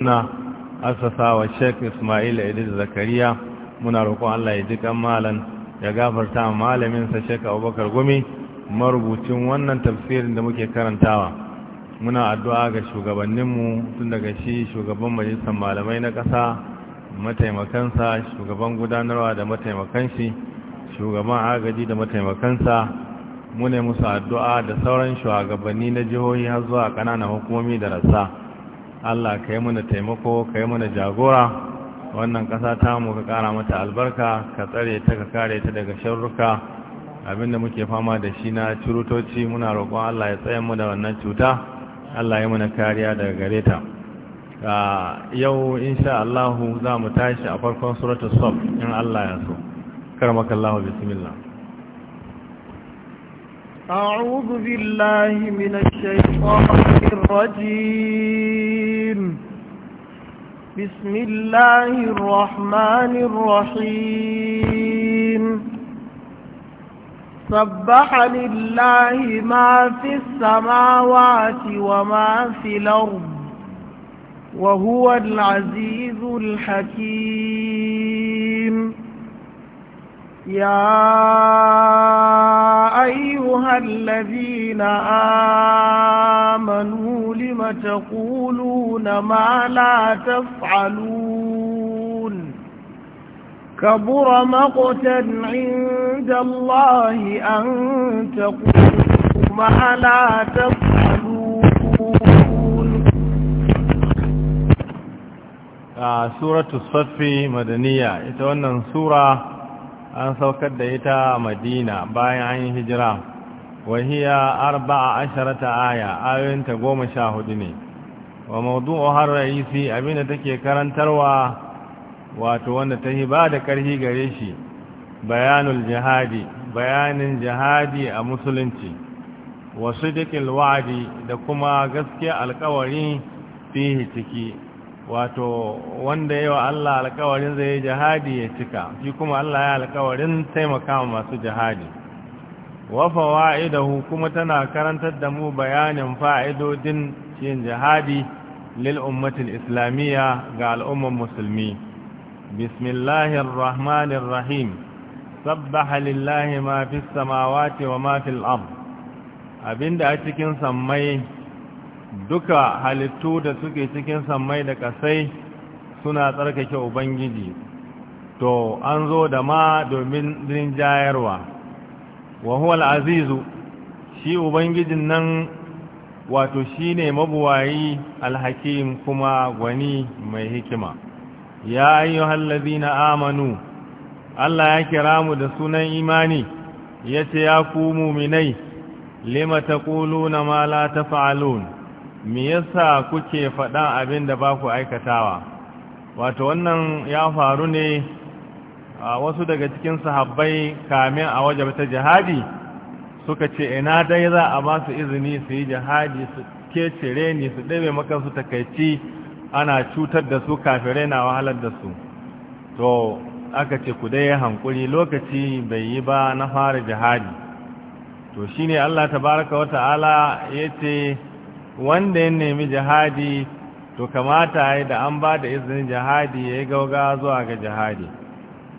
na asasa wa sheik ismail idris zakariya muna roƙon allah ya ji kan malam ya gafarta malaminsa sheik abubakar gumi marubucin wannan tafsirin da muke karantawa muna addu'a ga shugabanninmu tun daga shi shugaban majalisar malamai na ƙasa mataimakansa shugaban gudanarwa da mataimakan shi shugaban agaji da mataimakansa mu musu addu'a da sauran shugabanni na jihohi har zuwa ƙananan hukumomi da rassa Allah ka yi mana taimako ka yi mana jagora wannan ƙasa ta mu ka ƙara mata albarka ka tsare ta ka kare ta daga sharruka abinda muke fama da shi na curutoci muna roƙon Allah ya tsaye mu da wannan cuta Allah ya mana kariya daga gare ta yau insha Allah za mu tashi a farkon suratul saf in Allah ya so Allah bismillah أعوذ بالله من الشيطان الرجيم الرجيم بسم الله الرحمن الرحيم سبح لله ما في السماوات وما في الأرض وهو العزيز الحكيم يا أيها الذين آمنوا لم تقولون ما لا تفعلون كبر مقتا عند الله أن تقولوا ما لا تفعلون آه، سورة الصف مدنية يتوانا سورة an saukar da ita madina bayan an yi hijira wahiya arba'a asharata aya ayoyinta goma sha hudu ne wa mawdu'u har ra'isi abinda take karantarwa wato wanda ta yi ba da ƙarfi gare shi bayanul jihadi bayanin jihadi a musulunci wasu dikin wa'di da kuma gaskiya alkawari fihi ciki wato wanda yawa Allah alkawarin zai yi jihadi ya cika shi kuma Allah ya alkawarin taimaka masu jihadi wa fawa'idahu kuma tana karantar da mu bayanin fa'idodin yin jihadi lil ummatil islamiyya ga al'ummar musulmi bismillahir rahmanir rahim sabbaha lillahi ma fis samawati wa ma fil ard abinda a cikin sammai duka halittu da suke cikin sammai da kasai suna tsarkake ubangiji to an zo da ma domin rinjayarwa wa huwal azizu shi ubangijin nan wato shi ne mabuwayi alhakim kuma gwani mai hikima ya ayyuhal na amanu Allah ya kira mu da sunan imani yace ya ku mu'minai lima na ma la taf'alun me yasa kuke faɗa abin da ba ku aikatawa wato wannan ya faru ne a wasu daga cikin sahabbai kamin a wajen ta jihadi suka ce ina dai za a ba su izini su yi jihadi su cire ni su ɗebe makansu takaici ana cutar da su kafirai na wahalar da su to aka ce ku dai hankuri lokaci bai yi ba na fara jihadi to shine Allah tabaraka wa ta'ala yace wanda ya nemi jihadi to kamata ya da an ba da izinin jihadi ya yi gauga zuwa ga jihadi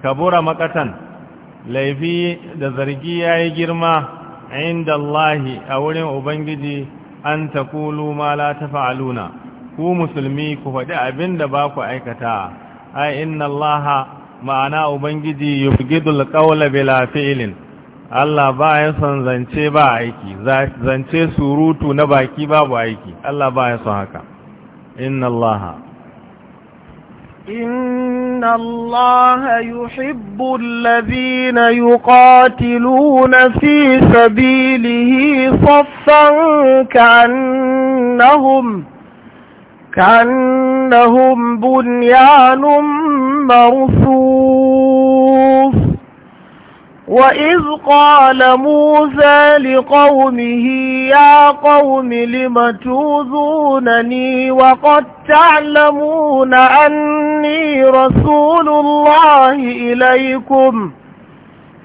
kabura makatan laifi da zargi ya yi girma inda Allahi a wurin Ubangiji an ta kulu ma la ta fa'aluna ku musulmi ku faɗi abin da ba ku aikata ai inna Allaha ma'ana Ubangiji yubgidul qawla bila fi'lin Allah ba ya son zance ba aiki zance surutu na baki babu aiki Allah ba ya son haka inna Allah inna Allah yuhibbu alladhina yuqatiluna fi sabilihi saffan ka'annahum كأنهم بنيان مرسول وَإِذْ قَالَ مُوسَى لِقَوْمِهِ يَا قَوْمِ لِمَ تُؤْذُونَنِي وَقَدْ تَعْلَمُونَ أَنِّي رَسُولُ اللَّهِ إِلَيْكُمْ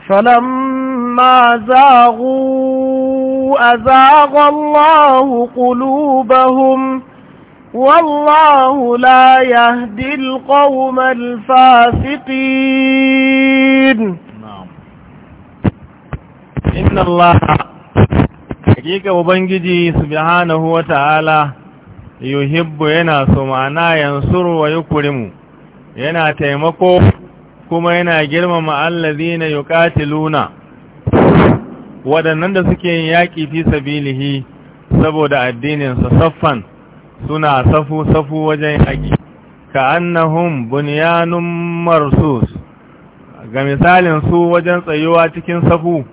فَلَمَّا زَاغُوا أَزَاغَ اللَّهُ قُلُوبَهُمْ وَاللَّهُ لَا يَهْدِي الْقَوْمَ الْفَاسِقِينَ inna Allah hakika ubangiji subhanahu wa ta'ala yuhibbu yana so ma'ana yansuru wa yukrimu yana taimako kuma yana girmama allazina yuqatiluna wadannan da suke yin yaki fi sabilihi saboda addinin sa saffan suna safu safu wajen yaki ka annahum bunyanun marsus ga misalin su wajen tsayuwa cikin safu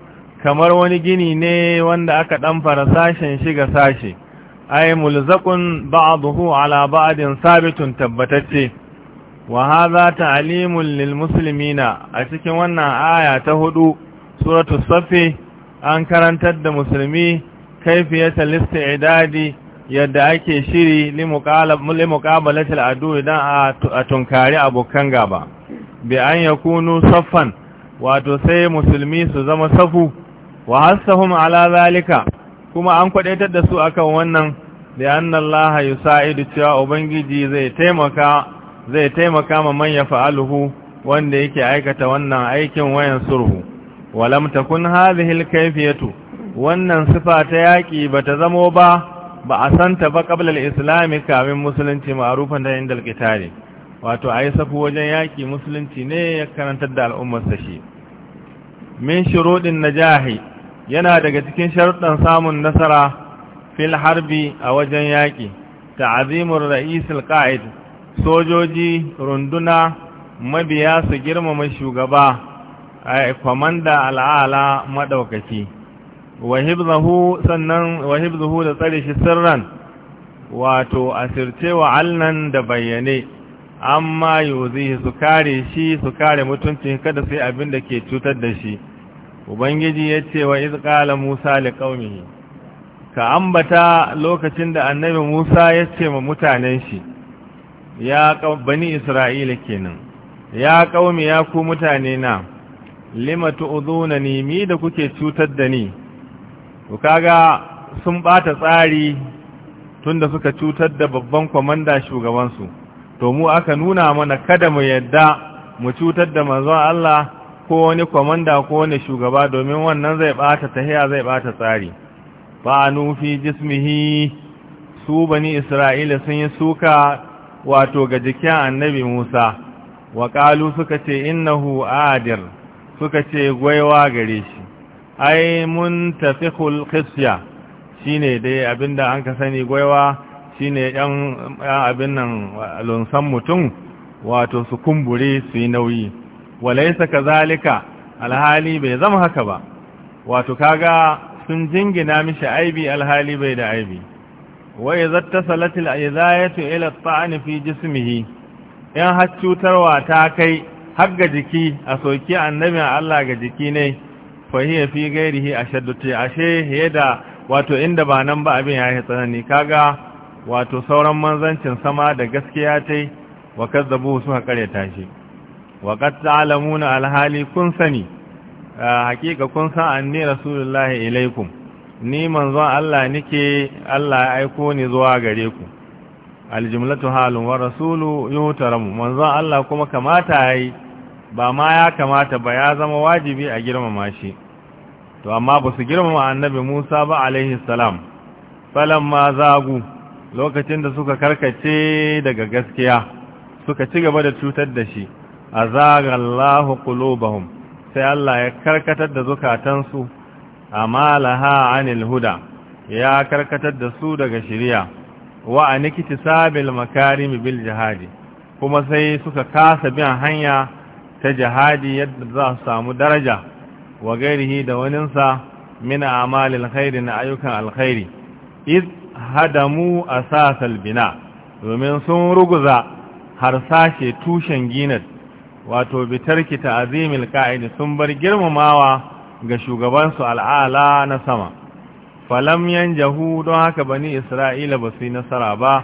kamar wani gini ne wanda aka ɗanfara sashen shiga sashe ai mulzaqun ba'dahu ala ba'din sabitun tabbatacce wa hadha ta'limun lil muslimina a cikin wannan aya ta hudu suratul safi an karantar da musulmi kayfiyatul isti'dadi yadda ake shiri limuqabalatil adu idan a tunkari abokan gaba bi an yakunu saffan wato sai musulmi su zama safu wa hassahum ala zalika kuma an kwadaitar da su akan wannan da anna Allah yusaidu cewa ubangiji zai taimaka zai taimaka ma man yafa'aluhu wanda yake aikata wannan aikin wayan surhu walam takun hadhihi alkayfiyatu wannan sifa ta yaki bata zamo ba ba a santa ba qabla alislam kafin musulunci ma'rufan da inda alqitali wato ai safu wajen yaki musulunci ne ya karantar da al'ummar sa shi min shurudin najahi yana daga cikin sharuɗan samun nasara fil harbi a wajen yaƙi ta'azimur ra'isul qa'id sojoji runduna mabiya su girmama shugaba a kwamanda al'ala maɗaukaki wa hibzahu sannan wa hibzahu da tsari shi sirran wato asirce wa alnan da bayyane amma zai su kare shi su kare mutuncin kada sai abin da ke cutar da shi ubangiji ya ce wa izkala musa li qaumihi ka ambata lokacin da annabi musa ya ce ma mutanen shi ya bani isra'ila kenan ya qaumi ya ku mutane na lima tu'dhunani mi da kuke cutar da ni ku kaga sun bata tsari tunda suka cutar da babban kwamanda shugabansu to mu aka nuna mana kada mu yadda mu cutar da manzon Allah ko wani kwamanda ko wani shugaba domin wannan zai bata tahiya zai bata tsari ba nufi jismihi su bani isra'ila sun yi suka wato ga jikin annabi musa wa ƙalu suka ce innahu adir suka ce gwaiwa gare shi ai mun tafi hulkisya shi ne dai abinda an ka sani gwaiwa shi ne yan abin nan lunsan mutum wato su kumbure su yi nauyi walaysa kazalika alhali bai zama haka ba wato kaga sun jingina mishi aibi alhali bai da aibi wa idza tasalat al'izayatu ila at-ta'n fi jismihi in har cutarwa ta kai har ga jiki a soki annabin Allah ga jiki ne fa hiya fi ghairihi ashaddu ashe da wato inda ba nan ba abin ya yi tsanani kaga wato sauran manzancin sama da gaskiya tai wa kazzabu su kare tashi wa ta'alamu ta'lamuna alhali kun sani hakika kun san anni rasulullahi ilaikum ni manzon Allah nike Allah ya aiko ni zuwa gare ku aljumlatu halun wa rasulu man manzon Allah kuma kamata yayi ba ma ya kamata ba ya zama wajibi a girmama shi to amma ba su girmama annabi Musa ba alaihi salam falamma zagu lokacin da suka karkace daga gaskiya suka ci gaba da cutar da shi A Allahu qulubahum sai Allah ya karkatar da zukatansu amalaha anil huda ya karkatar da su daga shiriya, wa anikiti sabil makarim bil jihadi kuma sai suka kasa bin hanya ta jihadi yadda za su samu daraja wa gairihi da waninsa min amalil khairi na ayyukan alkhairi iz hadamu sa bina domin sun ruguza harsashe tushen ginar wato bitarki Azimil ka'idi sun bar girmamawa ga shugabansu su al'ala na sama falam jahu don haka bani isra'ila ba su nasara ba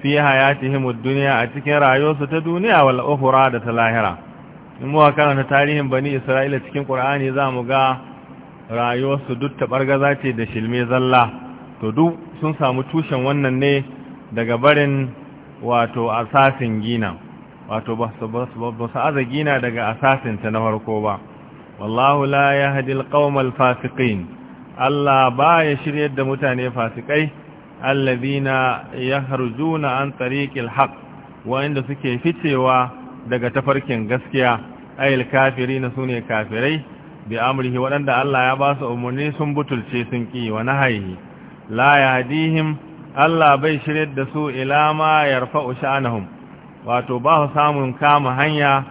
fi hayatihim ad duniya a cikin rayuwarsu ta duniya wal ukhra da ta lahira in muka karanta tarihin bani isra'ila cikin qur'ani mu ga rayuwarsu duk ta tabargaza ce da shilme zalla to duk sun samu tushen wannan ne daga barin wato asasin gina wato ba su aza gina daga asasinta na farko ba wallahu la ya hadil ƙaumal fasikin Allah ba ya shiryar da mutane fasikai allazina ya harjuna an tsariƙil haƙ wa'inda suke ficewa daga tafarkin gaskiya ayil kafiri na sune kafirai bi amurhi waɗanda Allah ya ba su umarni sun butulce sun ƙi wa nahayi la ya hadihim Allah bai shiryar da su ila ma yarfa'u sha'anahum wato ba su samun kama hanya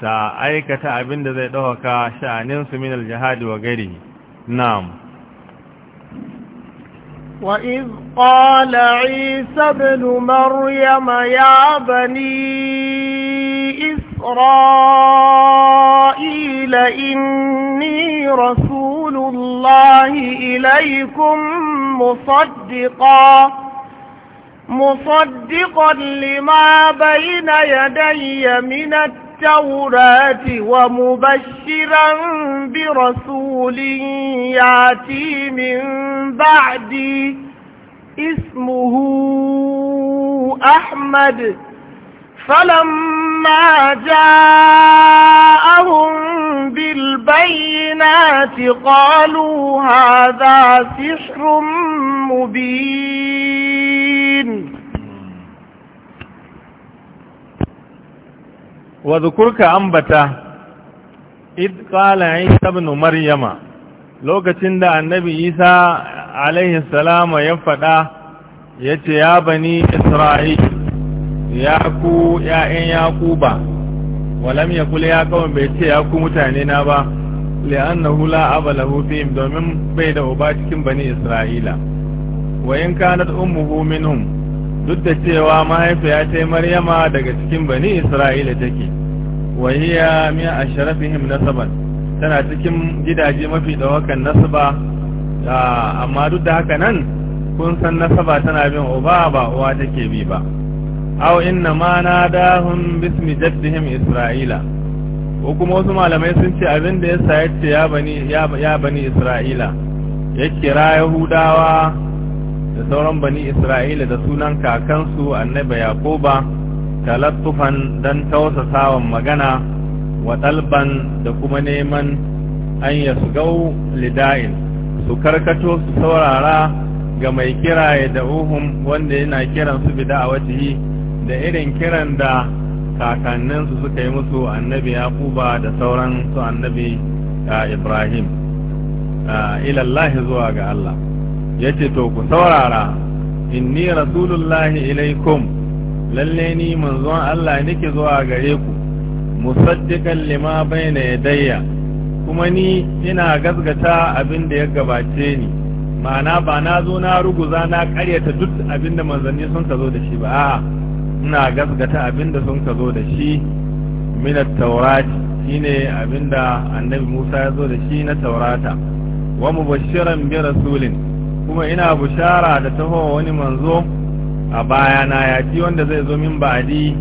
ta aikata abin da zai ɗauka sha'aninsu min aljihadi wa gari na'am وإذ قال عيسى بن مريم يا بني إسرائيل إني رسول الله إليكم مصدقاً مصدقا لما بين يدي من التوراة ومبشرا برسول ياتي من بعدي اسمه أحمد فلما جاءهم بالبينات قالوا هذا سحر مبين وذكرك أنبتا إذ قال عيسى بن مريم لو da النبي عيسى عليه السلام ya يتيابني إسرائيل ya ku ‘ya'yan yakuba walam ya kula ya kawon bai ce ya ku mutane na ba li'annahu la aba lahu domin bai da uba cikin bani isra'ila wa in kanat ummuhu minhum duk da cewa mahaifiya ta maryama daga cikin bani isra'ila take wa hiya min ashrafihim nasaban tana cikin gidaje mafi dawakan nasaba amma duk da haka nan kun san nasaba tana bin uba ba uwa take bi ba aw inna ma nadahum bismi jaddihim isra'ila ko kuma wasu malamai sun ce abin da yasa yace ya bani ya bani isra'ila ya kira yahudawa da sauran bani isra'ila da sunan kakansu annabi yakoba talattufan dan tausasawan magana wa talban da kuma neman an yasgau lida'in su karkato su saurara ga mai kira da da'uhum wanda yana kiransu da'awatihi da irin kiran da kakanninsu suka yi musu annabi yaquba da sauran su annabi ibrahim ilallahi zuwa ga allah ya ce to ku saurara inni rasulullahi ilaikum lalle ni manzon allah nake zuwa gare ku musaddiqan lima bayna yadayya kuma ni ina gasgata abin da ya gabace ni ma'ana ba na zo na ruguza na karyata duk abin da manzanni sun ka zo da shi ba a'a ina gasgata abinda sun ka zo da shi min taurat shine abinda annabi Musa ya zo da shi na taurata wa mubashiran bi rasulin kuma ina bushara da taho wani manzo a na ya ci wanda zai zo min ba'di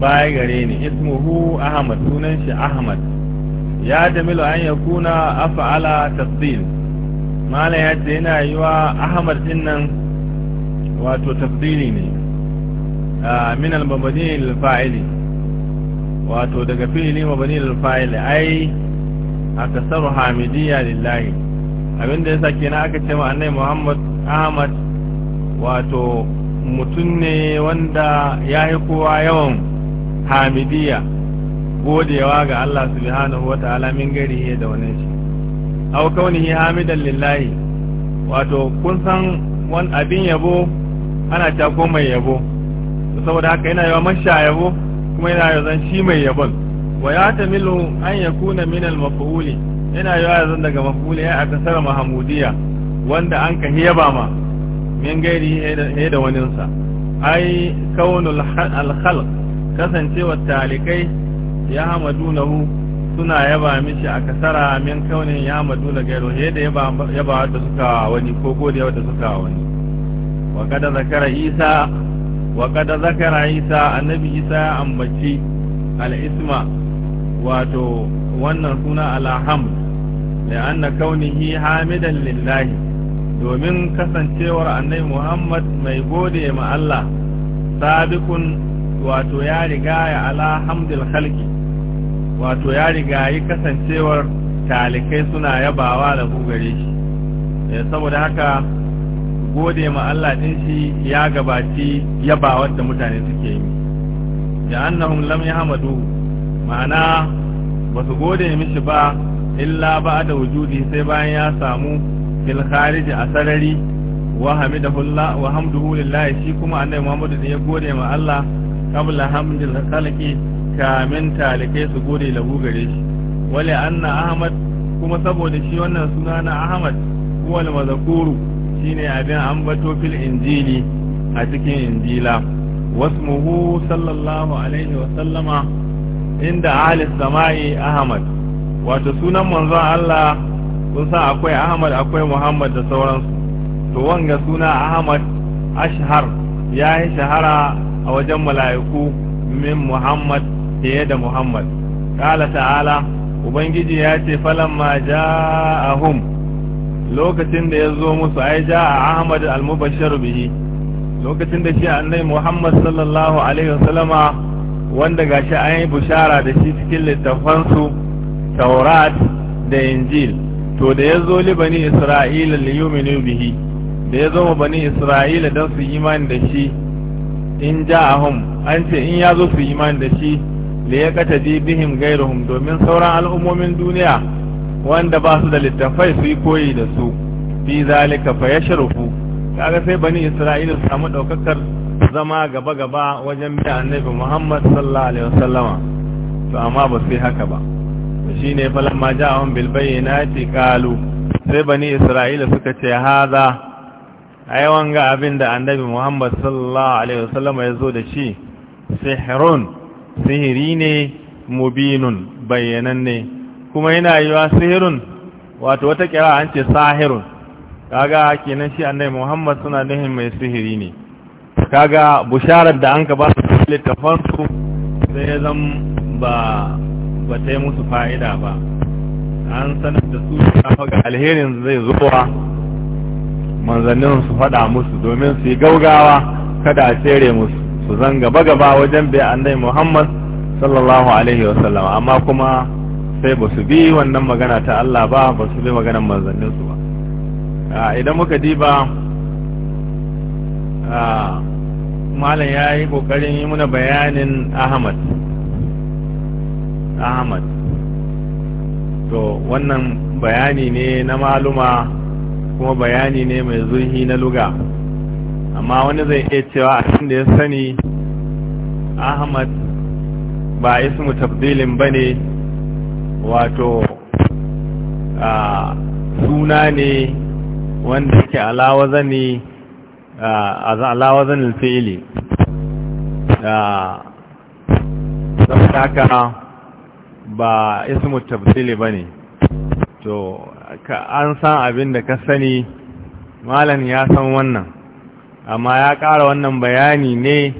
baya gare ni ismuhu Ahmad sunan shi Ahmad ya jamilu an yakuna af'ala tafdil mala ya yana yiwa Ahmad dinnan wato tafdili ne min al-mabani lil fa'ili wato daga fi'ili mabani lil fa'ili ai akasaru hamidiyya lillahi abinda yasa kenan aka ce ma annai Muhammad Ahmad wato mutum ne wanda ya yi kowa yawan hamidiyya godewa ga Allah subhanahu wa ta'ala min gari da wani shi aw kaunihi hamidan lillahi wato kun san wani abin yabo ana ta mai yabo saboda haka yana yawa masha yabo kuma yana yawa zan shi mai yabon wa ya milu an ya min al maf'uli yana yawa zan daga maf'uli ya sara mahmudiya wanda an ka yaba ma min gairi da waninsa ai kaunul alkhalq kasancewa talikai ya hamadunahu suna yaba mishi a kasara min kaunin ya maduna gairo he da yaba yaba da suka wani ko godiya da suka wani wa kada zakara isa wa kada zakara isa annabi isa ya ambaci al'isma wato wannan suna alhamd da anna kaunihi hamidan lillahi domin kasancewar annabi muhammad mai gode ma Allah sabikun wato ya riga ya ala hamdul khalqi wato ya riga yi kasancewar talikai suna yabawa da gare shi eh, saboda haka gode ma Allah din shi ya gabaci yabawar da mutane suke yi da annahum lam yahmadu ma'ana ba su gode mishi ba illa ba da wujudi sai bayan ya samu fil kharij a sarari wa hamidahu Allah wa hamduhu lillah shi kuma annabi Muhammadu ya gode ma Allah qabla hamdil khalqi kamin talikai su gode lahu gare shi wala anna ahmad kuma saboda shi wannan suna na ahmad huwa al-mazkuru ne abin ambato fil injili a cikin injila wasmuhu sallallahu alaihi wa sallama inda ahli samai ahmad wato sunan manzon Allah kun sa akwai ahmad akwai muhammad da sauransu to wanga suna ahmad ashhar ya yi shahara a wajen mala'iku min muhammad fiye da muhammad kala ta'ala ubangiji ya ce falamma ja'ahum lokacin da ya zo musu ai ja a ahmad al-mubashshir bihi lokacin da shi annabi muhammad sallallahu alaihi wasallama wanda gashi an yi bushara da shi cikin littafansu taurat da injil to da ya zo li bani isra'ila li yuminu bihi da ya zo ma bani isra'ila don su imani da shi in ja ahum an ce in ya zo su imani da shi li kata bihim ghayruhum domin sauran al'ummomin duniya wanda ba su da littafai su yi koyi da su fi zalika fa sharufu kaga sai bani isra'ila su samu daukakar zama gaba gaba wajen bi annabi muhammad sallallahu alaihi wasallama to amma ba sai haka ba shine falamma ja'ahum bil bayyinati qalu sai bani isra'ila suka ce haza a yawan ga abin da annabi muhammad sallallahu alaihi wasallama ya zo da shi sihrun sihiri ne mubinun bayyananne kuma yana yi wa sihirun wato wata kira an ce sahirun kaga kenan shi annai muhammad suna nuhin mai sihiri ne kaga busharar da an ka ba su su sai ya zan ba ba ta yi musu fa'ida ba an sanar da su ta faga alherin zai zuwa manzannin su faɗa musu domin su yi gaugawa kada a tsere musu su zan gaba-gaba wajen bai annai muhammad sallallahu alaihi wasallam amma kuma sai ba su bi wannan magana ta Allah ba ba su bi maganar manzanninsu ba idan muka diba malam ya yi ƙoƙarin yi muna bayanin ahmad ahmad to wannan bayani ne na maluma kuma bayani ne mai zurhi na luga amma wani zai iya cewa a da ya sani ahmad ba ismu tabdilin ba ne wato suna ne wanda yake alawazani alawazanin fi'ili saboda haka ba ismu tafsili ne, to an san abin da ka sani malam ya san wannan amma ya ƙara wannan bayani ne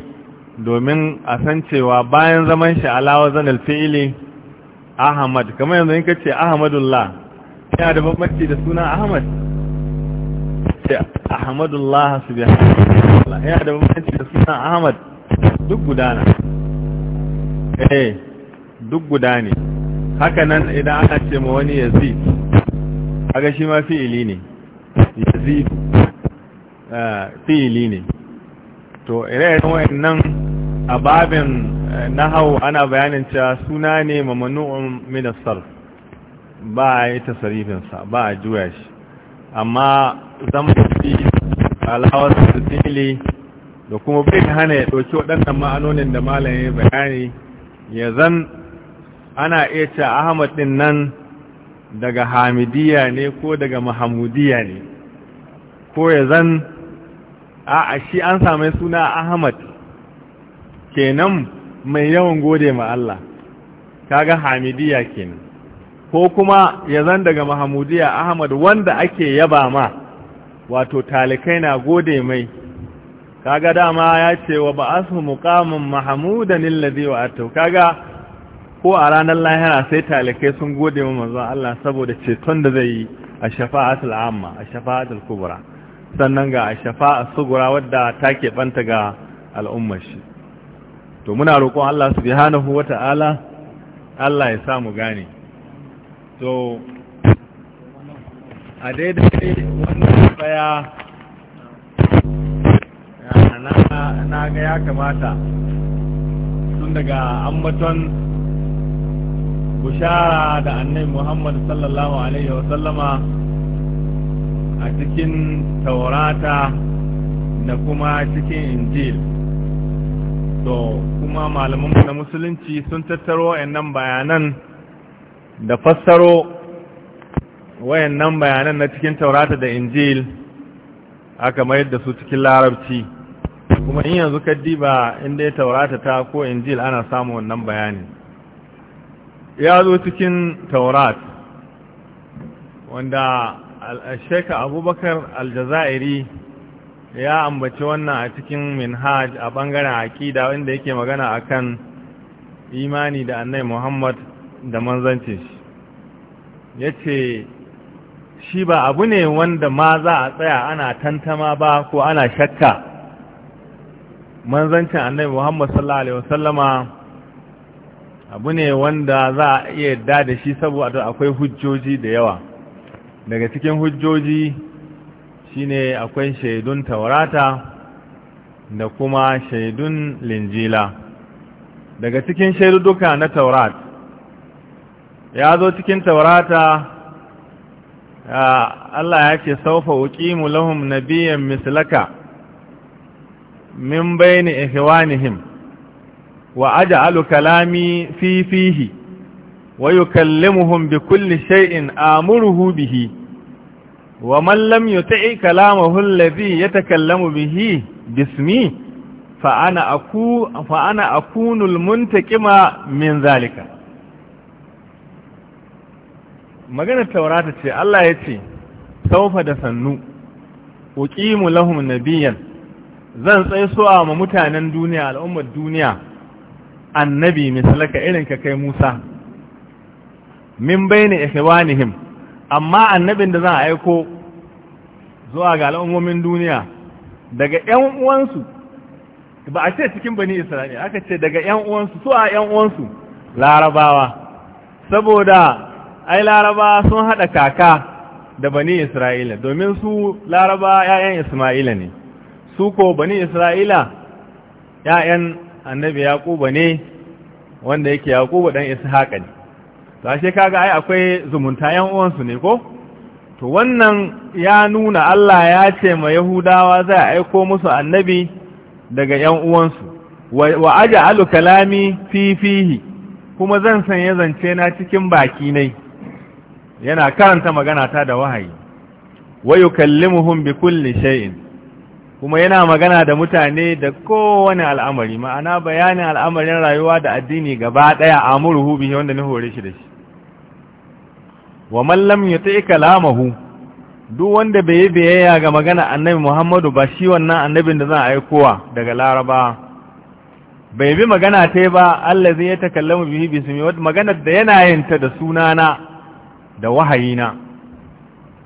domin a san cewa bayan zaman shi alawazan alfi'ili ahmad kamar yanzu in ka ce ahmadullah yana da bambanci da suna ahmad ce ahmadullah subhanallah yana da bambanci da suna ahmad duk gudana eh duk gudane haka nan idan aka ce ma wani yazid kaga shi ma fi'ili ne yazid eh, fi'ili ne to ire-iren wannan a babin eh, nahau ana bayanin cewa suna ne mamanu'un minasar ba a yi tasarifinsa ba a juya shi amma zamfafi alawar tili da kuma bai hana ya ɗauki waɗannan ma'anonin da malaye bayani ya zan ana iya ce ahmad ɗin nan daga hamidiya ne ko daga mahamudiya ne ko ya zan a shi an same suna ahmad kenan mai yawan gode ma Allah kaga hamidiya kenan ko kuma ya zan daga mahamudiya ahmad wanda ake yaba ma wato talikai na gode mai kaga dama ya ce wa ba'asu muqamun mahamudan alladhi wa'atu kaga ko a ranar lahira sai talikai sun gode wa manzon Allah saboda ceton da zai yi a shafa'atul amma a shafa'atul kubra sannan ga a shafa'a sugura wadda take banta ga al'ummar shi to muna roƙon Allah Su ala Allah ya samu gane to a daidai wannan tsaya na ga ya kamata sun daga ambaton bushara da annai Muhammadu sallallahu alaihi wasallama a cikin taurata da kuma cikin injil to kuma malamanmu na musulunci sun tattaro wayannan bayanan da fassaro wayannan bayanan na cikin taurata da injil aka mayar da su cikin larabci kuma in yanzu diba inda ya taurata ta ko injil ana samun wannan bayani ya zo cikin taurat wanda al abubakar al-jazairi ya ambaci wannan a cikin minhaj a bangaren aƙida wanda yake magana akan imani da annai muhammad da manzancin shi ya ce shi ba abu ne wanda ma za a tsaya ana tantama ba ko ana shakka manzancin annai muhammad sallallahu alaihi wasallama abu ne wanda za a iya yadda da shi saboda akwai hujjoji da yawa daga cikin hujjoji shine akwai shaidun taurata da kuma shaidun linjila daga cikin shaiduduka na taurat ya zo cikin taurata Allah ya ce saufa uqimu lahum nabiyyan mislaka min bayni ihwanihim wa aj'alu kalami fi fihi wa yukallimuhum bi kulli shay'in amuruhu bihi wa man lam yuti'i ya ta yatakallamu bihi bismi fa'ana ana aku fa ana min zalika magana taurata ce Allah ya ce saufa da sannu uqimu lahum nabiyyan zan tsaiso a ma mutanen duniya al'ummar duniya annabi misalaka irin ka kai Musa min bayni ihwanihim amma annabin da zan aiko zuwa ga al'ummomin duniya daga ‘yan uwansu ba a ce cikin bani isra'ila aka ce daga ‘yan uwansu su a ‘yan uwansu larabawa saboda ai larabawa sun haɗa kaka da bani isra'ila domin su laraba ‘ya'yan isma'ila ne su ko bani isra'ila ‘ya'yan annabi yaƙuba ne wanda yake yaƙuba ɗan ishaƙa ne to ashe kaga ai akwai zumunta yan uwansu ne ko to wannan ya nuna Allah ya ce ma Yahudawa za a aiko musu annabi daga yan uwansu wa aj'alu kalami fi kuma zan sanya zance na cikin baki ne yana karanta magana ta da wahayi wa yukallimuhum bi kulli shay'in kuma yana magana da mutane da kowane al'amari ma'ana bayanin al'amarin rayuwa da addini gaba daya amuruhu bihi wanda ni hore shi da shi wa mallam ya ta'i kalamahu duk wanda bai yi biyayya ga magana annabi muhammadu ba shi wannan annabin da za a aikowa daga laraba bai bi magana ta ba allah zai ya takallamu bihi bismi wata maganar da yana ta da sunana da wahayina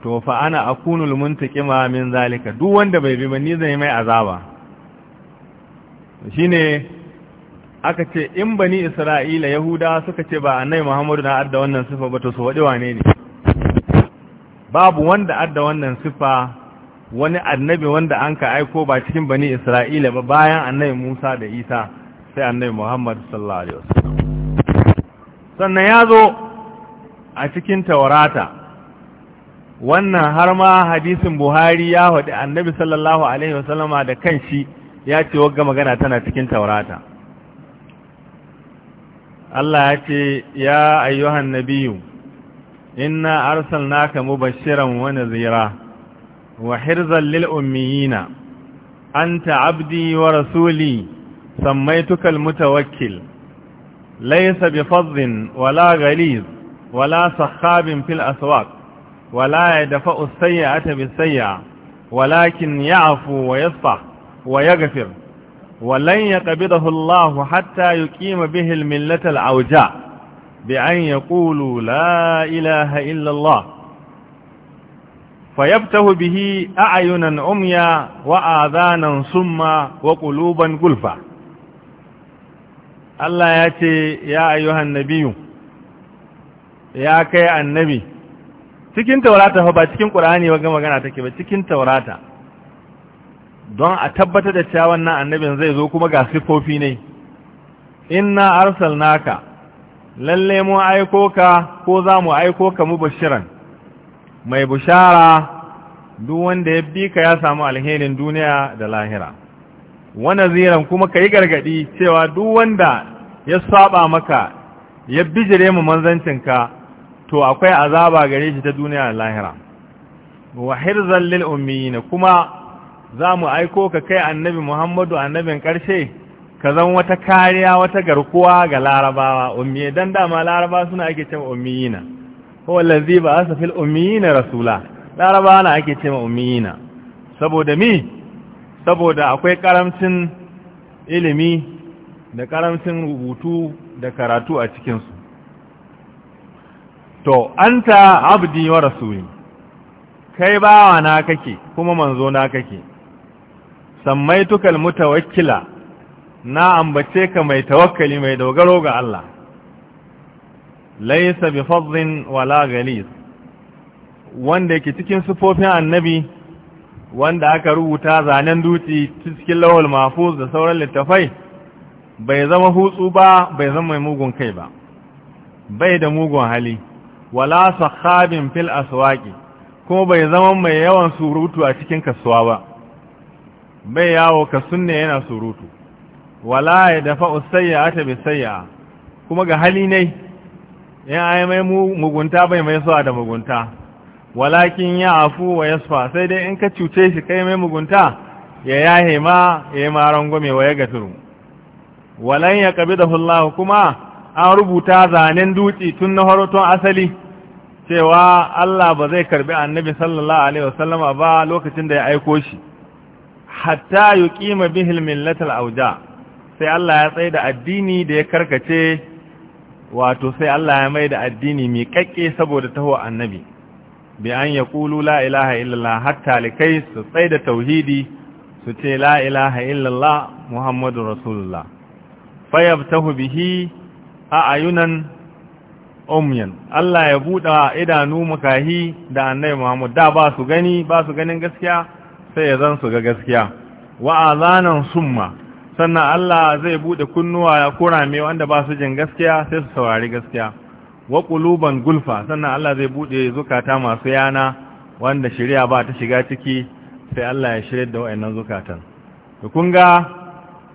to fa ana akunul muntaqima min zalika duk wanda bai bi ba ni zai mai azaba shine aka ce in bani isra'ila yahuda suka ce ba annai muhammadu na adda wannan sifa ba to su waɗi ne ne babu wanda adda wannan sifa wani annabi wanda an ka aiko ba cikin bani isra'ila ba bayan annabi musa da isa sai annabi muhammad sallallahu alaihi wasallam sannan ya zo a cikin taurata wannan har ma hadisin buhari ya haɗe annabi sallallahu alaihi wasallama da kanshi ya ce wagga magana tana cikin taurata Allah ya ce ya ayyuhan nabiyu inna arsalnaka mubashiran wa zira. wa hirzan lil ummiyina anta abdi wa rasuli sammaytuka al mutawakkil laysa bi fadhin wala ghaliz wala sahabin fil aswaq wala yadfa'u as-sayyi'ata bis sayyi'a walakin ya'fu wa yasfah wa yaghfir ولن يقبضه الله حتى bihil به الملة العوجاء بأن يقولوا لا إله إلا الله فيبته به أعينا عميا وآذانا صما وقلوبا قلفا الله يأتي يا أيها النبي يا كي النبي cikin taurata ba cikin ƙur'ani ba magana take ba cikin taurata don a tabbatar da cewa wannan annabin zai zo kuma ga sifofi ne inna arsalnaka lalle mu aiko ka ko za mu aiko ka mu bashiran mai bushara duk wanda ya bi ka ya samu alherin duniya da lahira wani ziran kuma ka yi gargadi cewa duk wanda ya saba maka ya bijire mu manzancinka to akwai azaba gare shi ta duniya da lahira wa hirzan lil ummiyina kuma za mu aiko ka kai annabi muhammadu annabin ƙarshe ka zan wata kariya wata garkuwa ga larabawa ummiye dan dama laraba suna ake cewa ko wallazi ba ba'atha fil ummiyina rasula larabawa na ake cewa ummiyina saboda mi saboda akwai karamcin ilimi da karamcin rubutu da karatu a cikin su to anta abdi wa rasuli kai bawa na kake kuma manzo na kake sammaituka almutawakkila na ambace ka mai tawakkali mai dogaro ga Allah laisa bi fadlin wala ghalis wanda yake cikin sufofin annabi wanda aka rubuta zanen duci cikin lawal mahfuz da sauran littafai bai zama hutsu ba bai zama mai mugun kai ba bai da mugun hali wala sahabin fil aswaqi kuma bai zama mai yawan surutu a cikin kasuwa ba bai yawo kasunne yana surutu wala ya dafa usayya ta bi sayya kuma ga hali ne in ai mai mugunta bai mai suwa da mugunta walakin ya afu wa yasfa sai dai in ka cuce shi kai mai mugunta ya yahe ma ya yi maron gome wa ya gaturu walan ya kabi da hullahu kuma an rubuta zanen dutse tun na horoton asali cewa Allah ba zai karbi annabi sallallahu alaihi wasallama ba lokacin da ya aiko shi hatta yuqima bihil millatal auja sai Allah ya tsaye da addini da ya karkace wato sai Allah ya mai da addini mai kakke saboda taho annabi bi an ya kulu la ilaha illallah hatta likai su tsaye da tauhidi su ce la ilaha illallah muhammadu rasulullah fayabtahu bihi a ayunan umyan Allah ya buɗa idanu makahi da annabi muhammad da ba su gani ba su ganin gaskiya sai ya zan su ga gaskiya wa zanen summa sannan Allah zai bude kunnuwa ya kurame wanda ba su jin gaskiya sai su saurari gaskiya wa quluban gulfa sannan Allah zai bude zukata masu yana wanda shari'a ba ta shiga ciki sai Allah ya shirye da wayannan zukatan to kun ga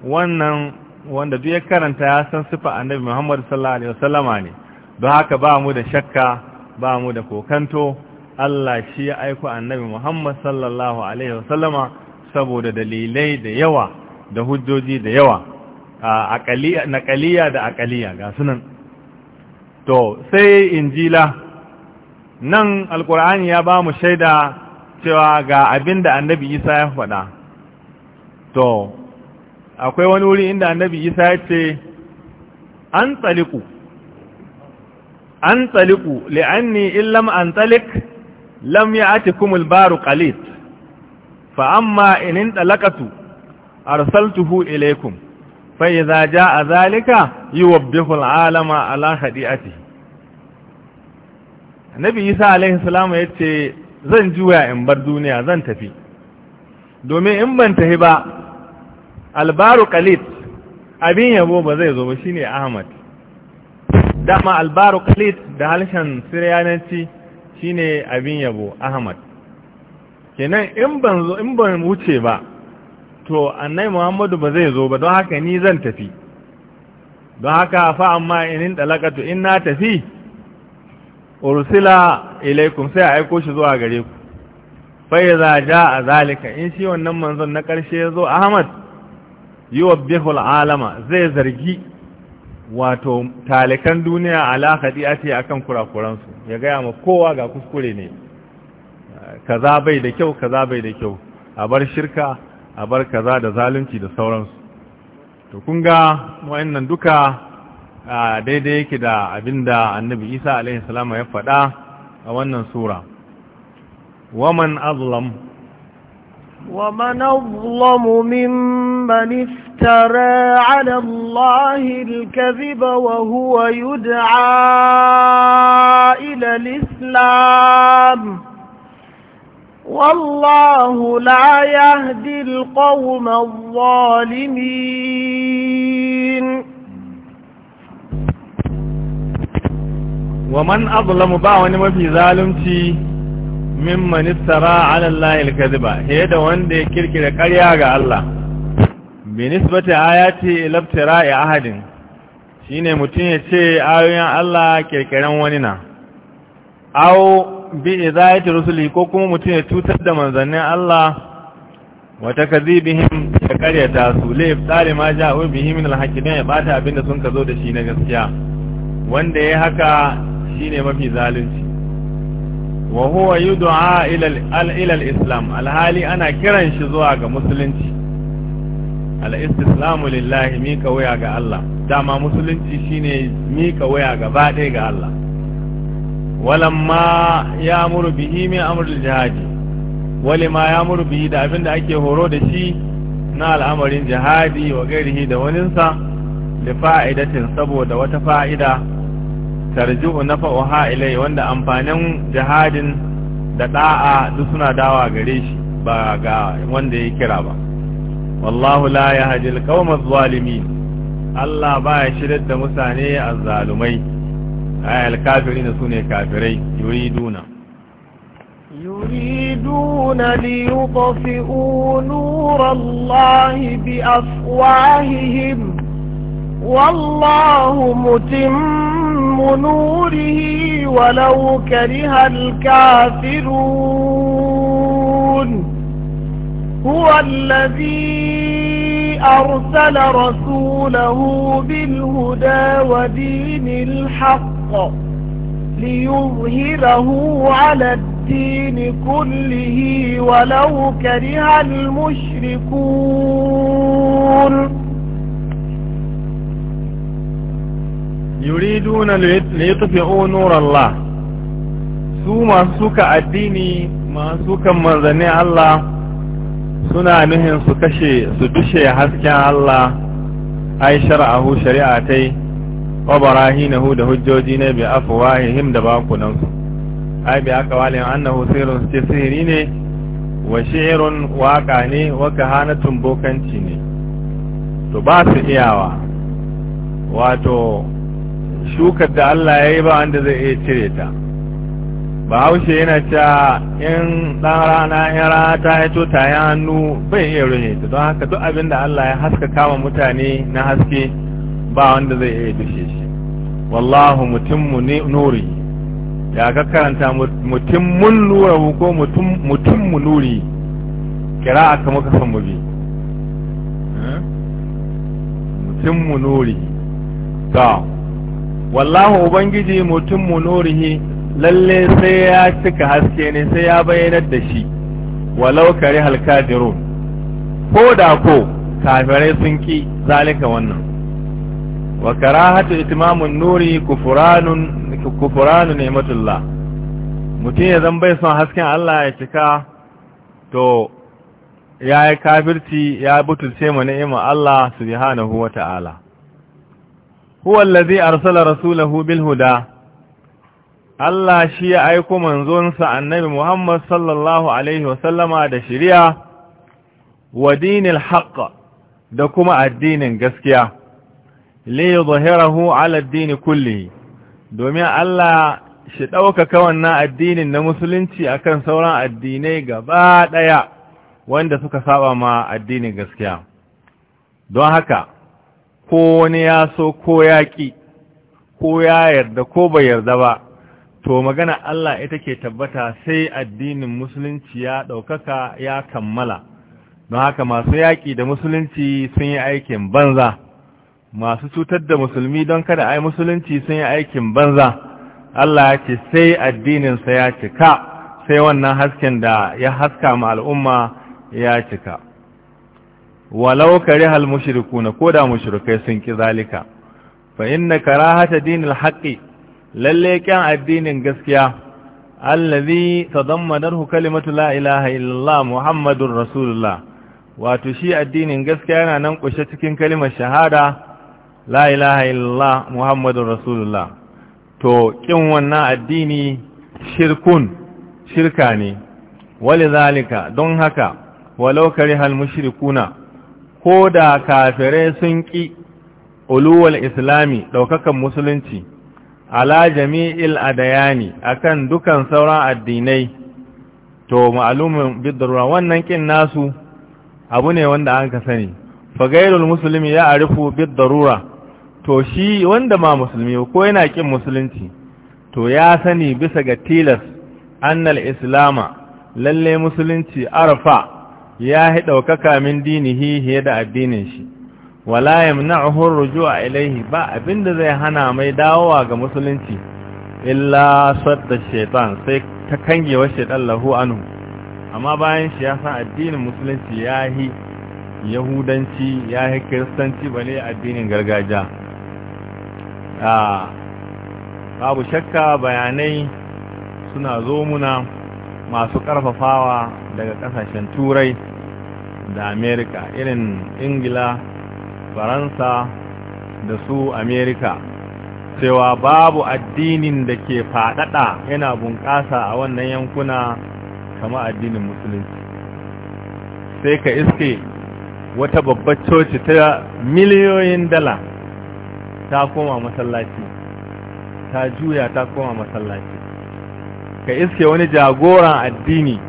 wannan wanda duk ya karanta ya san sifa annabi Muhammad sallallahu alaihi wasallama ne don haka ba mu da shakka ba mu da kokanto Allah shi ya aiko annabi Muhammad sallallahu alaihi wasallama saboda dalilai da yawa da hujjoji da yawa naƙaliya da akaliya ga sunan to sai injila nan alkur'ani ya ba mu shaida cewa ga abin da annabi isa ya faɗa to akwai wani wuri inda annabi isa ya ce an tsaliku an tsaliku li'anni illam an tsalik lam ya ati kumul baru kalit fa'amma inin ɗalakatu arsaltuhu ilaikum fa idza jaa zalika yuwabbihu al'alama ala hadi'atihi Annabi Isa alaihi salamu yace zan juya in bar duniya zan tafi domin in ban tafi ba albaru qalit abin yabo ba zai zo ba shine Ahmad dama albaru qalit da halshen siryananci shine abin yabo Ahmad kenan in ban zo in ban wuce ba to annai muhammadu ba zai zo ba don haka ni zan tafi don haka fa amma inin ɗalakatu in na tafi ursila ilaikum sai a aiko shi zuwa gare ku fai za ja a zalika in shi wannan manzon na ƙarshe ya zo ahmad yi wa bihul alama zai zargi wato talikan duniya alakadi a ce akan kan kurakuransu ya gaya ma kowa ga kuskure ne kaza bai da kyau kaza bai da kyau a bar shirka a bar kaza da zalunci da sauransu to kun ga wayannan duka daidai yake da abinda annabi isa alaihi salama ya faɗa a wannan sura waman azlam Wa أظلم ممن افترى على الله الكذب وهو يدعى إلى الإسلام والله لا يهدي القوم الظالمين ومن أظلم باون في ظالمتي ممن افترى على الله الكذبة هيدا وندي كركر قرياغا الله بنسبة آياتي إلى ابتراء أحد شيني mutum شيء آيان الله Allah kirkiren أو bi izayati rusuli ko kuma mutum ya cutar da manzannin Allah wa takazibihim ya karyata su laif tsari ma wa bihim min al ya bata da sun ka zo da shi na gaskiya wanda ya haka shine mafi zalunci wa huwa yud'a ila al-islam alhali ana kiran shi zuwa ga musulunci al-istislamu lillahi mika waya ga Allah dama musulunci shine mika waya gaba ɗaya ga Allah walamma ya amuru bihi min amrul jihadi walima ya amuru da abinda ake horo da shi na al'amarin jihadi wa gairihi da waninsa da fa'idatin saboda wata fa'ida tarji'u na fa'uha ilai wanda amfanin jihadin da ɗa'a duk suna dawa gare shi ba ga wanda ya kira ba wallahu la ya hajjil kawamar zalimi Allah ba ya shirar da mutane a zalumai الكافرين سنة كافرين يريدون يريدون ليطفئوا نور الله بأفواههم والله متم نوره ولو كره الكافرون هو الذي أرسل رسوله بالهدى ودين الحق الحق ليظهره على الدين كله ولو كره المشركون يريدون ليطفئوا نور الله ثم سك الديني ما سك من الله سنا نهن سكشي سدشي حسكا الله أي شرعه شريعتي wa barahinahu da hujjoji ne bi afwahihim da bakunan su ai bi aka walin annahu sirrun ce ne wa shi'run waka ne wa kahanatun bokanci ne to ba su iyawa wato shukar da Allah ya yi ba wanda zai iya cire ta bahaushe yana cewa in ɗan rana in rana ta hito ta yi bai iya ruhe ta don haka duk abin da Allah ya haskaka wa mutane na haske ba wanda zai iya dushe shi wallahu mutimmu nuri ya ka karanta mutimmun nurahu ko mu nuri kira aka muka san eh? mutum mu nuri ta wallahu ubangiji mu nuri lalle sai ya cika haske ne sai ya bayyanar da shi walau kare halka ko da ko kafirai sun ki zalika wannan wa karahatu nuri kufranun ni'matullah mutum ya zan bai son hasken Allah ya cika to ya yi kafirci ya butulce mu ni'ima Allah subhanahu wa ta'ala huwa allazi arsala rasulahu huda Allah shi ya aiko manzonsa annabi Muhammad sallallahu alaihi wa sallama da shari'a wa dinil da kuma addinin gaskiya liyudhhirahu ala ad-din kullihi domin Allah shi ɗaukaka wannan addinin na musulunci akan sauran addinai gaba daya wanda suka saba ma addinin gaskiya don haka ko wani ya so ko yaki ko ya yarda ko bai yarda ba to magana Allah ita ke tabbata sai addinin musulunci ya ɗaukaka ya kammala don haka masu yaƙi da musulunci sun yi aikin banza masu cutar da musulmi don kada ai musulunci sun yi aikin banza Allah ya ce sai addininsa ya cika sai wannan hasken da ya haska ma al'umma ya cika walau karihal ko da mushrikai sun ki zalika fa inna karahata dinil haqqi lalle kyan addinin gaskiya allazi tadammanarhu kalimatu la ilaha illallah muhammadur rasulullah wato shi addinin gaskiya yana nan kushe cikin kalimar shahada la ilaha illallah muhammadun rasulullah to kin wannan addini shirkun shirka ne wali zalika don haka walau karihal mushrikuna ko da kafirai sun ki uluwal islami daukakan musulunci ala jami'il adayani akan dukan sauran addinai to ma'alumin bidurwa wannan kin nasu abu ne wanda an ka sani fagairul musulmi ya arifu bid darura to shi wanda ma musulmi ko yana kin musulunci to ya sani bisa ga tilas annal islama lalle musulunci arfa ya hi daukaka min dinihi hiye da addinin shi wala yamna'uhu rujua ilaihi ba abinda zai hana mai dawowa ga musulunci illa sadda shaitan sai ta kangewa shaitan lahu anhu amma bayan shi ya san addinin musulunci ya hi yahudanci ya yi kiristanci bane addinin gargajiya babu shakka bayanai suna zo muna masu ƙarfafawa daga ƙasashen turai da amerika irin ingila faransa da su amerika cewa babu addinin da ke faɗaɗa yana bunƙasa a wannan yankuna kama addinin musulunci sai ka iske wata babbar coci ta miliyoyin dala ta koma masallaci ta juya ta koma masallaci ka iske wani jagoran addini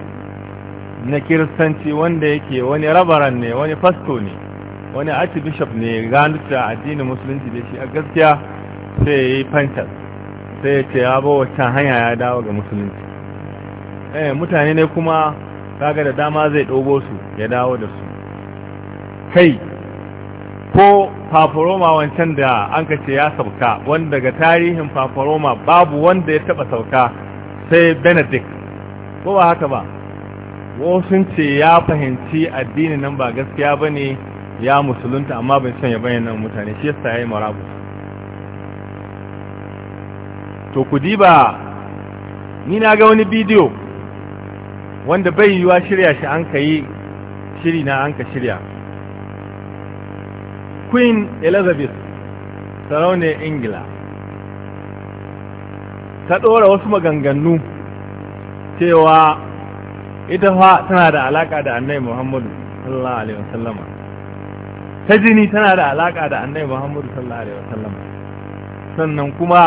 na kiristanci wanda yake wani rabaran ne wani fasto ne wani archbishop ne ganuta addinin musulunci da shi a gaskiya sai ya yi fantas sai ya ce ya bawa can hanya ya dawo ga musulunci eh mutane ne kuma kaga da dama zai dogo su ya dawo da su kai ko faforoma wancan da an kace ce ya sauka wanda daga tarihin faforoma babu wanda ya taba sauka sai benedict ko ba haka ba sun ce ya fahimci addini nan ba gaskiya ba ne ya musulunta amma bin son ya bayyana mutane shi yasa ya yi marabu to ku diba ni na ga wani bidiyo wanda bai yiwa shirya shi an ka yi shiri na an ka shirya queen elizabeth sarauniyar ingila ta ɗora wasu maganganu cewa ita fa tana da alaƙa da annai muhammadu sallallahu alaihi wasallama ta jini tana da alaƙa da annai muhammadu sallallahu alaihi wasallama sannan kuma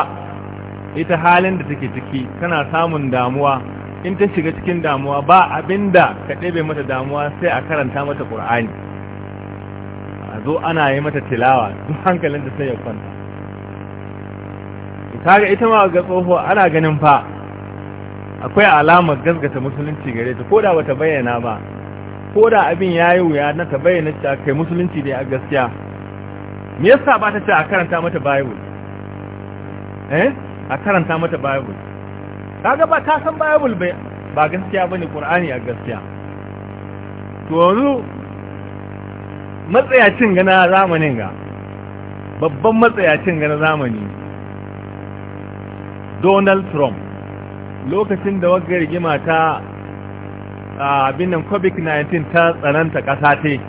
ita halin da take ciki tana samun damuwa in ta shiga cikin damuwa ba abinda ka ɗebe mata damuwa sai a karanta mata ƙur'ani a zo ana yi mata tilawa duk hankalin da sai ya kwanta kaga ita ma ga tsoho ana ganin fa akwai alamar gasgata musulunci gare ta koda bata bayyana ba koda abin yayi wuya na ta bayyana ta kai musulunci ne a gaskiya me yasa ba ta ce a karanta mata bible eh a karanta mata bible kaga ba ta san bible ba gaskiya bane qur'ani a gaskiya to yanzu matsayacin gana zamanin ga babban matsayacin gana zamani donald trump lokacin da wagga rigima ta abin nan covid-19 ta tsananta ƙasa te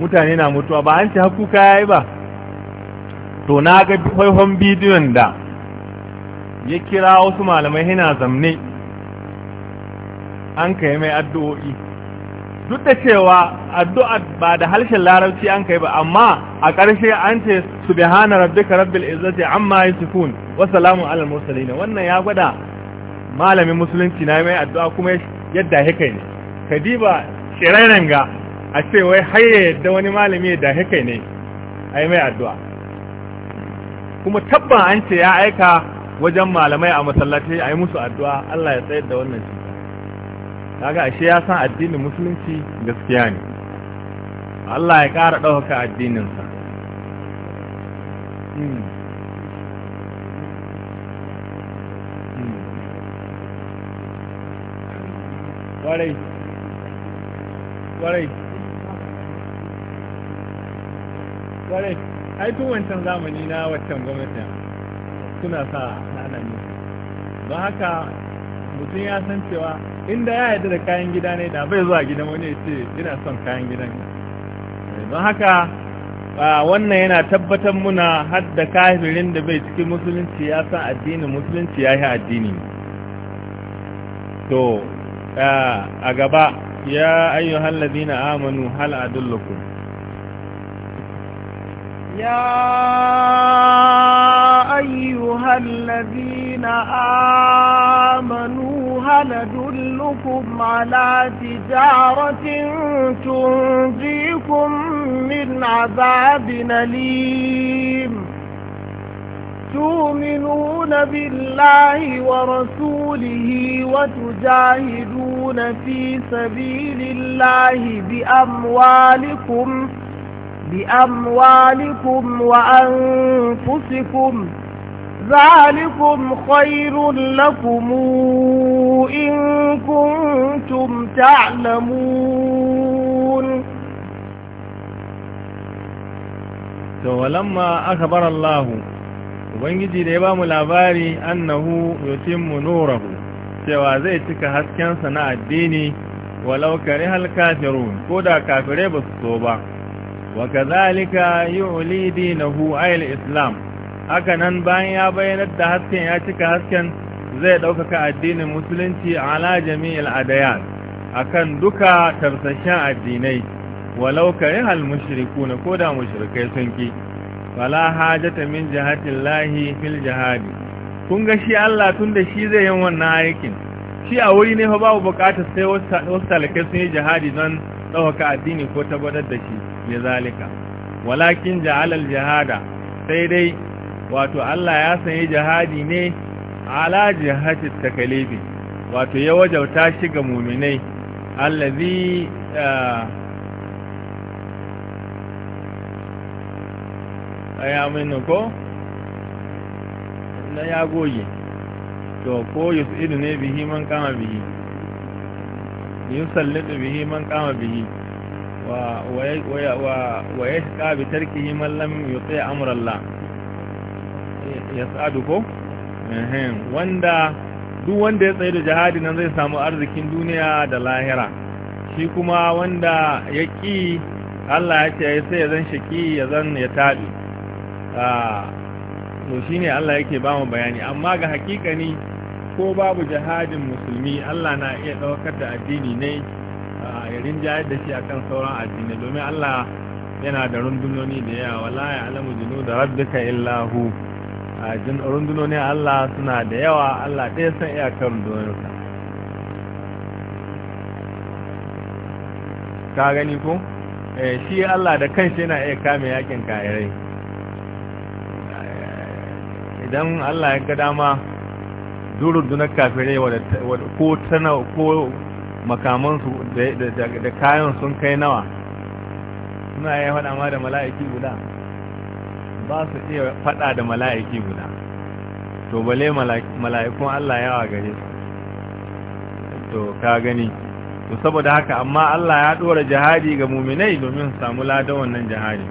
mutane na mutuwa ba an ci hakuka ya yi ba to na ga faifan bidiyon da ya kira wasu malamai yana zamne an ka yi mai addu'o'i duk da cewa addu'a ba da harshen larabci an kai ba amma a ƙarshe an ce subhana rabbika rabbil izzati amma yasifun wa salamun alal mursalin wannan ya gwada malamin musulunci na mai addu'a kuma yadda haka ne kadiba shiraren ga a ce wai haye yadda wani malami da haka ne ai mai addu'a kuma tabban an ce ya aika wajen malamai a masallaci ai musu addu'a Allah ya tsayar da wannan kaga ashe ya san addinin musulunci gaskiya ne Allah ya ƙara ɗaukaka addininsa hmm. Hmm. ƙwarai ƙwarai ƙwarai haifin wancan zamani na waccan gwamnati suna sa na ne don haka mutum ya san cewa inda ya yarda da kayan gida ne da bai zuwa gidan wani ya ce yana son kayan gidan don haka wannan yana tabbatar muna hadda da kafirin da bai cikin musulunci ya san addinin musulunci ya yi addini to a gaba ya ayyu hallabi na amanu hal Ya يا أيها الذين آمنوا هل على تجارة تنجيكم من عذاب أليم تؤمنون بالله ورسوله وتجاهدون في سبيل الله بأموالكم بأموالكم وأنفسكم ذلكم خير لكم إن كنتم تعلمون ولما أخبر الله ubangiji da ya ba mu labari annahu yutimmu nurahu cewa zai cika haskensa na addini walau karihal kafirun ko da kafirai ba su so ba wa kazalika yu'li dinahu ayil islam haka nan bayan ya bayyanar da hasken ya cika hasken zai ɗaukaka addinin musulunci ala jami'il a akan duka tarsashen addinai walau mushriku mushrikuna ko da mushrikai sun ki fala hajata min jihatin lahi fil jihadi kun ga shi Allah tunda shi zai yin wannan aikin shi a wuri ne fa babu bukatar sai wasu talakai sun yi jihadi don ɗaukaka addini ko tabbatar da shi ne zalika walakin ja'alal jihada sai dai wato Allah ya sanya jihadi ne ala jihati takalifi wato ya wajauta shi ga muminai allazi a ya minu ko na ya goge to ko yusu idu ne bihi man kama bihi yusallitu bihi man kama bihi wa ya shi wa ki yi tarkihi man lam yuti yas'adu ko wanda duk wanda ya tsaye da jihadi nan zai samu arzikin duniya da lahira shi kuma wanda ya ƙi Allah ya ce sai ya zan shaƙi ya zan ya taɗi ah, to shi ne Allah yake ba mu bayani amma ga hakika hakikani ko babu jihadin musulmi Allah na iya ɗaukar da addini ne ah, ya rinja da shi akan sauran addini domin Allah yana da rundunoni da yawa wala ya alamu jinu da rabbika illahu a rundunonin Allah suna da yawa Allah ɗaya san iyakar rundunoninsa ka gani ko eh, shi Allah da kanshi yana iya kame yakin kayarai eh, idan Allah ya ga dama dunar kafirai ko tana ko makamansu da kayan sun kai nawa suna ya faɗa ma da mala'iki guda ba su iya faɗa da mala'iki guda to bale mala'ikun Allah yawa gare su to ka gani to saboda haka amma Allah ya ɗora jihadi ga muminai domin samu ladan wannan jihadi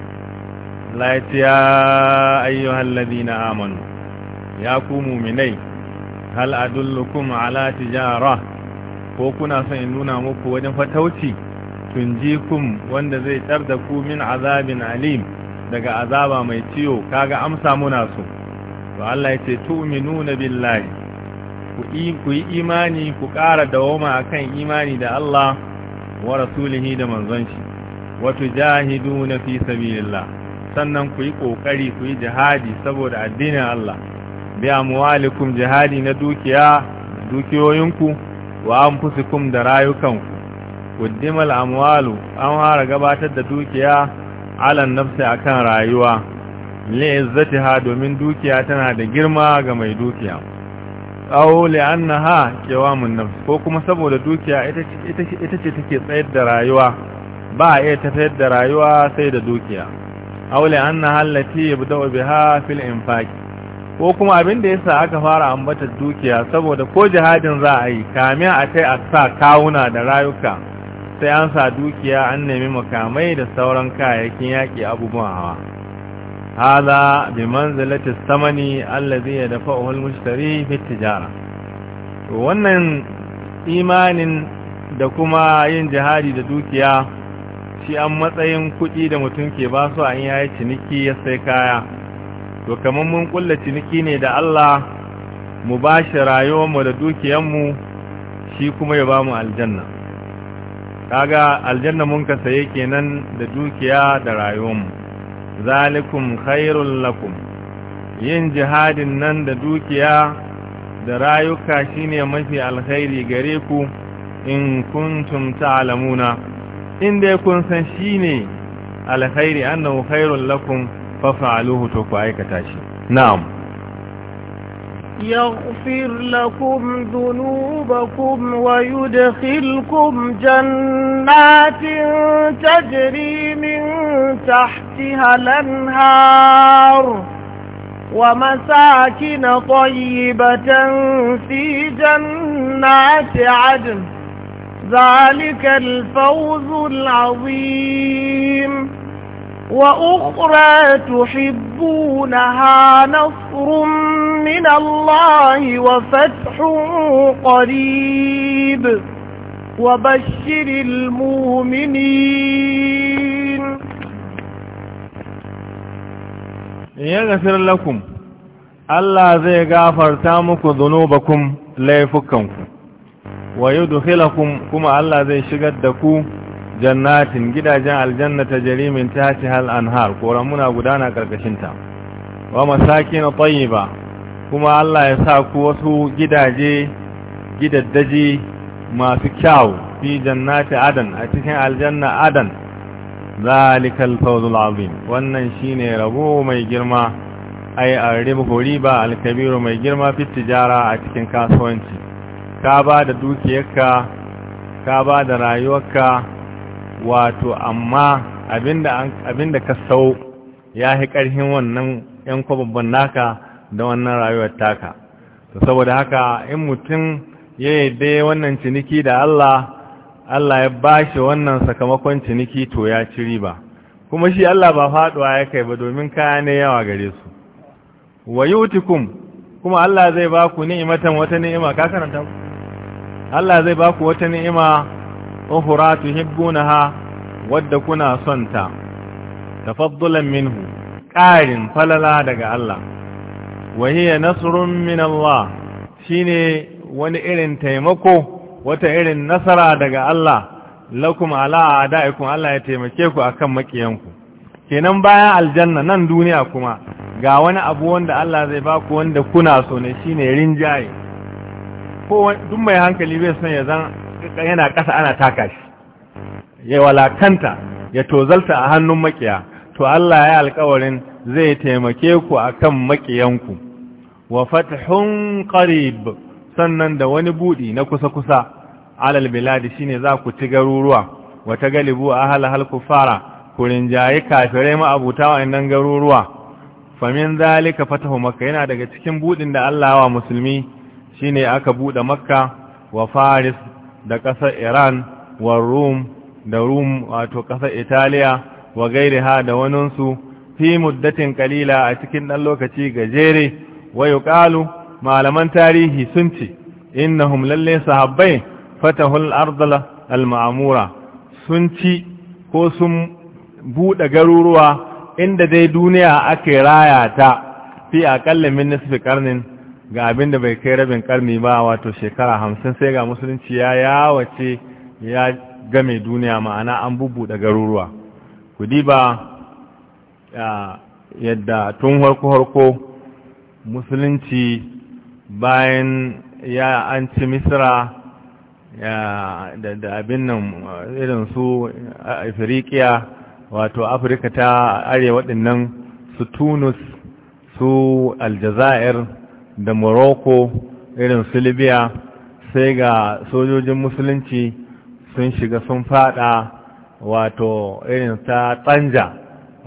Allah ya ce amanu ya ku muminai hal adullukum ala tijara ko kuna son in nuna muku wajen fatauci tunjikum wanda zai tsar da ku min azabin alim daga azaba mai ciwo kaga amsa muna so to Allah ya ce tu'minuna billahi ku yi imani ku ƙara dawoma akan imani da Allah wa rasulihi da manzon shi wa tujahiduna fi sabilillah sannan ku yi kokari ku yi jihadi saboda addinin Allah bi amwalikum jihadi na dukiya dukiyoyinku wa anfusikum da rayukanku qaddimal amwalu an fara gabatar da dukiya alan nafsi akan rayuwa ha domin dukiya tana da girma ga mai dukiya aw annaha qiwamun nafs ko kuma saboda dukiya ita ita ita ce take tsayar da rayuwa ba a iya tafiyar da rayuwa sai da dukiya aw annaha allati yabda'u biha fil infaq ko kuma abin da yasa aka fara ambata dukiya saboda ko jihadin za a yi kamin a kai a sa kawuna da rayuka sai an sa dukiya an nemi makamai da sauran kayayyakin yaƙi abubuwan hawa hada bi manzilati samani allazi yadfa'uhu al-mushtari fi tijara to wannan imanin da kuma yin jihadi da dukiya shi an matsayin kuɗi da mutum ke ba su an yayi ciniki ya sai kaya to kamar mun kulla ciniki ne da Allah mu bashi mu da dukiyanmu shi kuma ya ba mu aljanna kaga aljanna mun ka saye kenan da dukiya da rayuwar zalikum khairul lakum yin jihadin nan da dukiya da rayuka shine mafi alkhairi gare ku in kuntum ta'lamuna in dai kun san shine alkhairi annahu khairul lakum fa fa'aluhu to ku aikata shi na'am يغفر لكم ذنوبكم ويدخلكم جنات تجري من تحتها الأنهار ومساكن طيبة في جنات عدن ذلك الفوز العظيم وأخرى تحبونها نصر من من الله وفتح قريب وبشر المؤمنين يغفر لكم الله ذي غافر تامك ذنوبكم لا يفككم ويدخلكم كما الله ذي شغدكم جنات جاء الجنة تجري من تحتها الأنهار قرمنا قدانا كالكشنتا ومساكين طيبة kuma Allah ya sa ku wasu gidaje gidaddaji masu kyau fi jannati adan a cikin aljanna adan zalikal fawzul azim wannan shine rabo mai girma ai arribu riba alkabiru mai girma fi tijara a cikin kasuwanci ka ba da dukiyarka ka ba da rayuwarka wato amma abinda abinda ka sau ya hi karhin wannan yan kwababban naka da wannan rayuwar taka to saboda haka in mutum ya yadda wannan ciniki da Allah Allah ya bashi wannan sakamakon ciniki to ya ci riba kuma shi Allah ba faɗuwa ya kai ba domin kaya ne yawa gare su wayutikum kuma Allah zai ba ku ni'imatan wata ni'ima ka karanta ku Allah zai ba ku wata ni'ima ukhra tuhibbunaha wadda kuna son ta tafaddulan minhu ƙarin falala daga Allah wahiya nasrun min Allah shine wani irin taimako wata irin nasara daga Allah lakum ala adaikum Allah ya taimake ku akan makiyanku kenan bayan aljanna nan duniya kuma ga wani abu wanda Allah zai ba ku wanda kuna so ne shine rinjaye ko duk mai hankali bai san ya zan yana ƙasa ana taka shi ya walakanta ya tozalta a hannun makiya to Allah ya alƙawarin zai taimake ku akan makiyanku wa fathun qarib sannan da wani budi na kusa-kusa alal biladi shine za ku ci garuruwa wata galibu a halahal kufara ku rinjaye kafirai ma'abuta wa'annan garuruwa famin zalika fatahu makka yana daga cikin budin da Allah wa musulmi shine aka bude makka wa faris da kasar iran wa rum da rum wato kasar italiya wa gairiha da waninsu fi muddatin kalila a cikin dan lokaci gajere wa yuqalu malaman tarihi sun ce innahum lalle sahabbai fatahul ardala al maamura sun ci ko sun buɗe garuruwa inda dai duniya ake raya ta fi a min nisfi karnin ga abin da bai kai rabin karni ba wato shekara hamsin sai ga musulunci ya yawace ya game duniya ma'ana an bubbuɗe garuruwa ku diba ah, yadda tun harko-harko musulunci bayan ya an ci misra da abin nan uh, irin su uh, afirikiya wato afirka ta arewa dinnan su Tunis su aljazair da morocco irin su libya sai ga sojojin musulunci sun shiga sun fada wato irin ta tsanja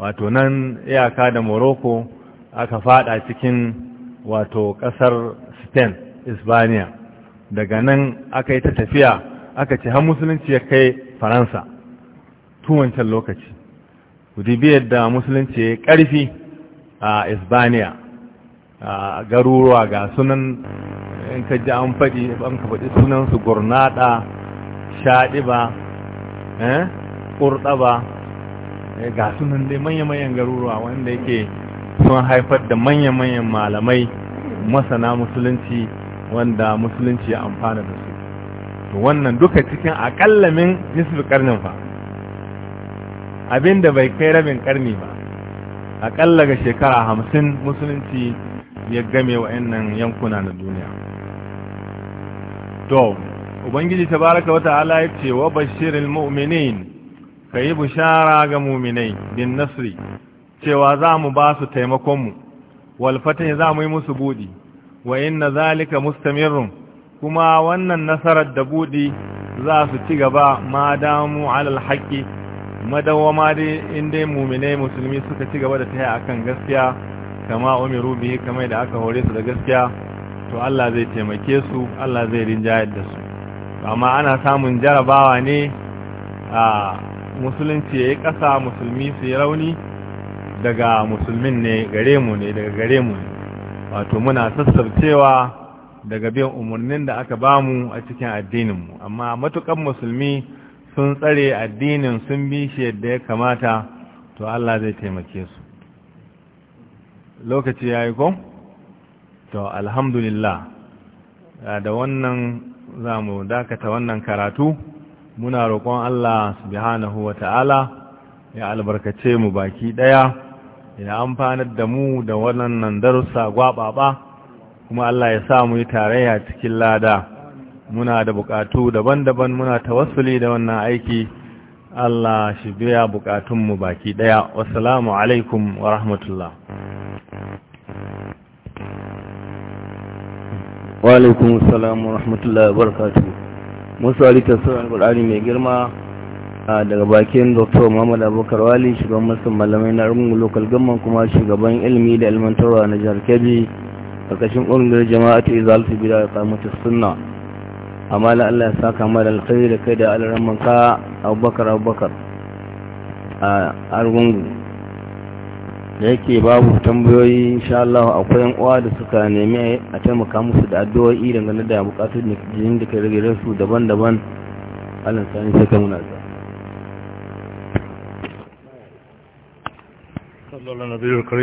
wato nan iyaka da morocco aka fada cikin wato ƙasar spain isbaniya daga nan aka yi ta tafiya aka ce har musulunci ya kai faransa tun wancan lokaci hudibiyar da musulunci ya ƙarfi a isbaniya a garuruwa ga sunan in ka ji an faɗi an ka faɗi sunansu gurnada shaɗiba ƙurɗaba eh, eh, ga sunan dai manya-manyan garuruwa wanda yake sun haifar da manya-manyan malamai masana musulunci wanda musulunci ya amfana da su to wannan duka cikin min nisfi karnin fa abinda bai kai rabin karni ba akalla ga shekara hamsin musulunci ya game wa wa'annan yankuna na duniya to ubangiji ta wata ala ya ce wa bashirin mu'minin yi bishara ga mu'minai bin nasri cewa za mu ba su taimakonmu walfatin za mu yi musu buɗi wa inna zalika mustamirun kuma wannan nasarar da buɗi za su ci gaba ma damu alal haƙƙi madawama dai inda mumine musulmi suka ci gaba da taya akan gaskiya kama umiru bihi kamar da aka hore su da gaskiya to Allah zai taimake su Allah zai rinjayar da su amma ana samun jarabawa ne a musulunci ya yi ƙasa musulmi su yi rauni daga musulmin ne gare mu ne daga gare mu wato muna sassaucewa daga biyan umarnin da aka bamu a cikin addininmu amma matukan musulmi sun tsare addinin sun bi shi yadda ya kamata to Allah zai taimake su lokaci ya yi ko? to alhamdulillah da wannan za mu dakata wannan karatu muna roƙon Allah subhanahu wa ta'ala ya albarkace mu baki ɗaya Ina amfanar da mu da wannan darussa gwaɓaɓa kuma Allah ya sa mu yi tarayya cikin lada muna da bukatu daban-daban muna tawassuli da wannan aiki Allah shi biya buƙatunmu baki ɗaya wassalamu alaikum wa rahmatullah wa alaikum salam wa rahmatullah wa barakatuh musu halittar sauran mai girma daga bakin dr muhammad abubakar wali shugaban masu malamai na argungu local gamman kuma shugaban ilimi da ilmantarwa na jihar kebbi karkashin ƙungiyar jama'a ta izaltu bida da kamata sunna amma la allah ya saka ma da alkhairi da kai da alramman ka abubakar abubakar a argungu da yake babu tambayoyi insha allah akwai yan uwa da suka nemi a taimaka musu da addu'o'i dangane da bukatun da jinin da ke rage su daban-daban allah sani sai ka muna No lo han